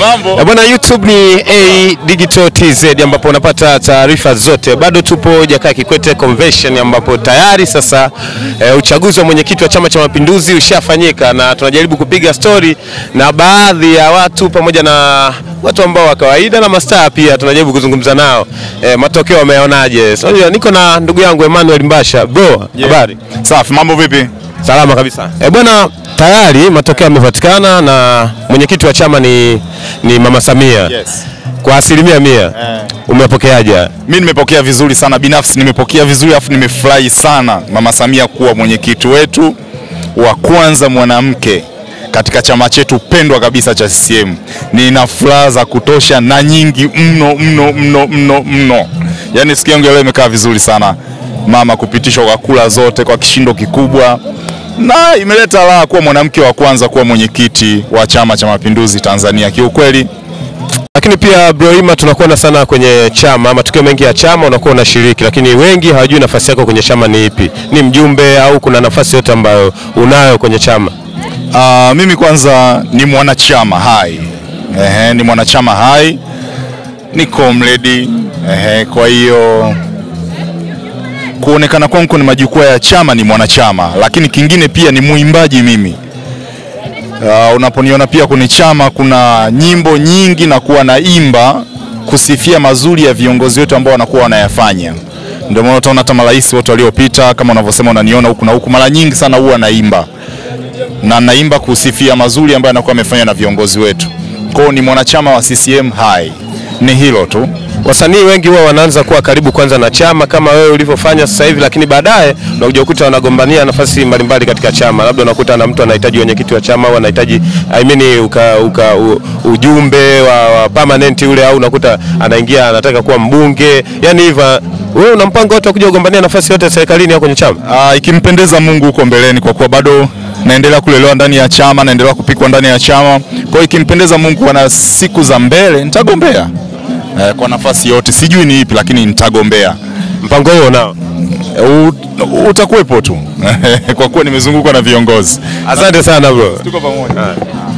Mambo. Bwana YouTube ni A Digital TZ ambapo unapata taarifa zote. Bado tupo Jakaya Kikwete Convention ambapo tayari sasa e, uchaguzi wa mwenyekiti wa Chama cha Mapinduzi ushafanyika na tunajaribu kupiga stori na baadhi ya watu pamoja na watu ambao wa kawaida na mastaa pia tunajaribu kuzungumza nao e, matokeo wameonaje. So, niko na ndugu yangu Emmanuel Mbasha. Bro, habari? Yeah. Safi, mambo vipi? Salama kabisa. Eh, bwana, tayari matokeo yamepatikana na mwenyekiti wa chama ni, ni Mama Samia. Yes. Kwa asilimia mia, eh. Umepokeaje? Mimi nimepokea vizuri sana binafsi, nimepokea vizuri afu nimefurahi sana Mama Samia kuwa mwenyekiti wetu wa kwanza mwanamke katika chama chetu pendwa kabisa cha CCM. Nina furaha za kutosha na nyingi mno mno mno mno mno, yaani siku yangu leo imekaa vizuri sana mama kupitishwa kwa kula zote kwa kishindo kikubwa, na imeleta raha kuwa mwanamke wa kwanza kuwa mwenyekiti wa Chama cha Mapinduzi Tanzania. Kiukweli lakini pia Broima, tunakuona sana kwenye chama, matukio mengi ya chama unakuwa unashiriki, lakini wengi hawajui nafasi yako kwenye chama ni ipi. Ni mjumbe au kuna nafasi yote ambayo unayo kwenye chama? Uh, mimi kwanza ni mwanachama hai. Ehe, ni mwanachama hai, ni comrade. Ehe, kwa hiyo kuonekana kwangu kwenye majukwaa ya chama ni mwanachama, lakini kingine pia ni mwimbaji mimi. Uh, unaponiona pia kwenye chama kuna nyimbo nyingi na kuwa naimba kusifia mazuri ya viongozi wetu ambao wanakuwa wanayafanya. Ndio maana utaona hata marais wote waliopita, kama unavyosema, unaniona huku na huku, mara nyingi sana huwa naimba na naimba kusifia mazuri ambayo anakuwa amefanya na viongozi wetu. Kwao ni mwanachama wa CCM hai ni hilo tu. Wasanii wengi huwa wanaanza kuwa karibu kwanza na chama kama wewe ulivyofanya sasa hivi, lakini baadaye unakuja kukuta wanagombania nafasi mbalimbali katika chama. Labda unakuta na mtu anahitaji wenyekiti wa chama au anahitaji I mean, uka, uka, u, ujumbe wa, wa permanent ule, au unakuta anaingia anataka kuwa mbunge, yani hivyo wewe una mpango wote kuja kugombania nafasi yote serikalini au kwenye chama? Aa, ah, ikimpendeza Mungu huko mbeleni, kwa kuwa bado naendelea kulelewa ndani ya chama, naendelea kupikwa ndani ya chama. Kwa hiyo ikimpendeza Mungu, na siku za mbele nitagombea eh, kwa nafasi yote, sijui ni ipi, lakini nitagombea. Mpango huo nao eh, utakuwepo tu kwa kuwa nimezungukwa na viongozi. Asante sana bro, tuko pamoja.